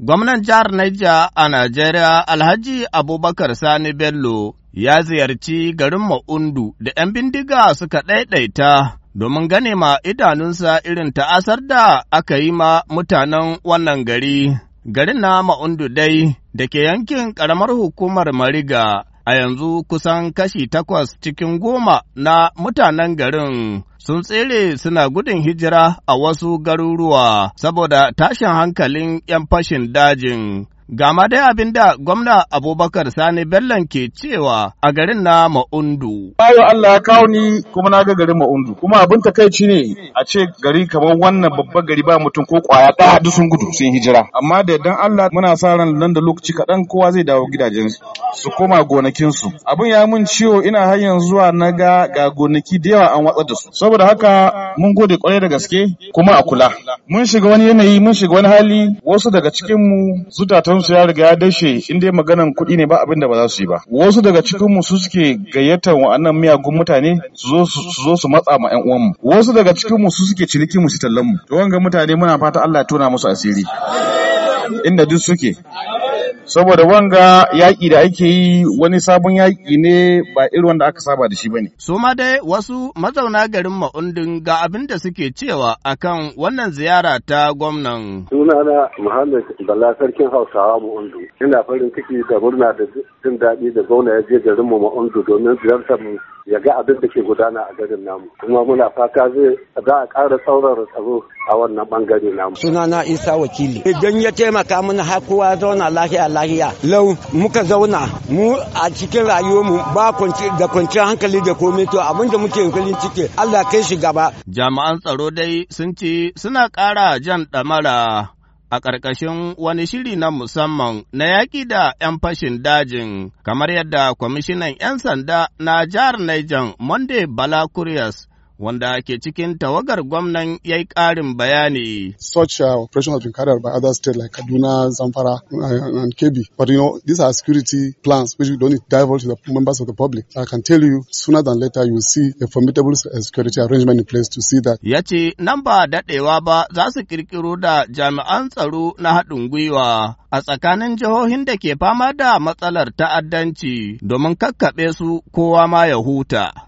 Gwamnan jihar Niger a Najeriya Alhaji Abubakar Sani Bello ya ziyarci garin Ma'undu da ‘yan bindiga suka ɗaiɗaita domin gane ma idanunsa irin ta'asar da aka yi ma mutanen wannan gari. Garin na Ma'undu dai da ke yankin ƙaramar hukumar Mariga a yanzu kusan kashi takwas cikin goma na mutanen garin sun tsere suna gudun hijira a wasu garuruwa saboda tashin hankalin 'yan fashin dajin. Ga ma dai abin da gwamna Abubakar Sani Bello ke cewa a garin na Ma'undu. Ayo Allah ya kawo ni kuma na ga garin Ma'undu. Kuma abin takaici ne a ce gari kamar wannan babban gari ba mutum ko kwaya ɗaya duk sun gudu sun hijira. Amma da idan Allah muna sa ran nan da lokaci kaɗan kowa zai dawo gidajen su koma gonakinsu. Abin ya mun ciwo ina har zuwa na ga ga gonaki da yawa an watsar da su. Saboda haka mun gode kwarai da gaske kuma a kula. Mun shiga wani yanayi mun shiga wani hali wasu daga cikin cikinmu zutatan su ya riga ya dashe in dai maganan kuɗi ne ba abin da ba za su yi ba wasu daga cikin mu su suke gayyatar wa'annan miyagun mutane su zo su matsa ma uwan mu wasu daga cikin mu su suke ciniki mu su tallan mu to wanga mutane muna fata Allah ya tona musu asiri inda duk suke saboda wanga yaƙi da ake yi wani sabon yaƙi ne ba irin wanda aka saba da shi ba ne. Su ma dai wasu mazauna garin Ma'undin ga abin da suke cewa akan wannan ziyara ta gwamnan. sunana muhammad bala sarkin hausawa ma'undu ina farin ciki da murna da jin daɗi da zauna ya je garinmu ma'undu domin ziyartar mu ya ga abin da ke gudana a garin namu kuma muna fata zai za a ƙara tsaurara tsaro a wannan bangare namu sunana isa wakili idan ya taimaka mana har kowa zauna lahiya lahiya lau muka zauna mu a cikin rayuwarmu ba da kwanciyar hankali da komai to abin da muke farin ciki allah kai shi gaba jami'an tsaro dai sun ce suna ƙara jan ɗamara a ƙarƙashin wani shiri na musamman na yaƙi da ‘yan fashin dajin, kamar yadda kwamishinan ‘yan sanda na jihar Niger Monday Bala Curious wanda ke cikin tawagar gwamnan ya yi ƙarin bayani. Such uh, operation has been carried by other states like Kaduna, Zamfara, uh, and Kebbi. But you know, these are security plans which you don't need to divulge to the members of the public. I can tell you, sooner than later, you will see a formidable uh, security arrangement in place to see that. Ya ce, nan ba daɗewa ba za su ƙirƙiro da jami'an tsaro na haɗin gwiwa a tsakanin jihohin da ke fama da matsalar ta'addanci domin kakkaɓe su kowa ma ya huta.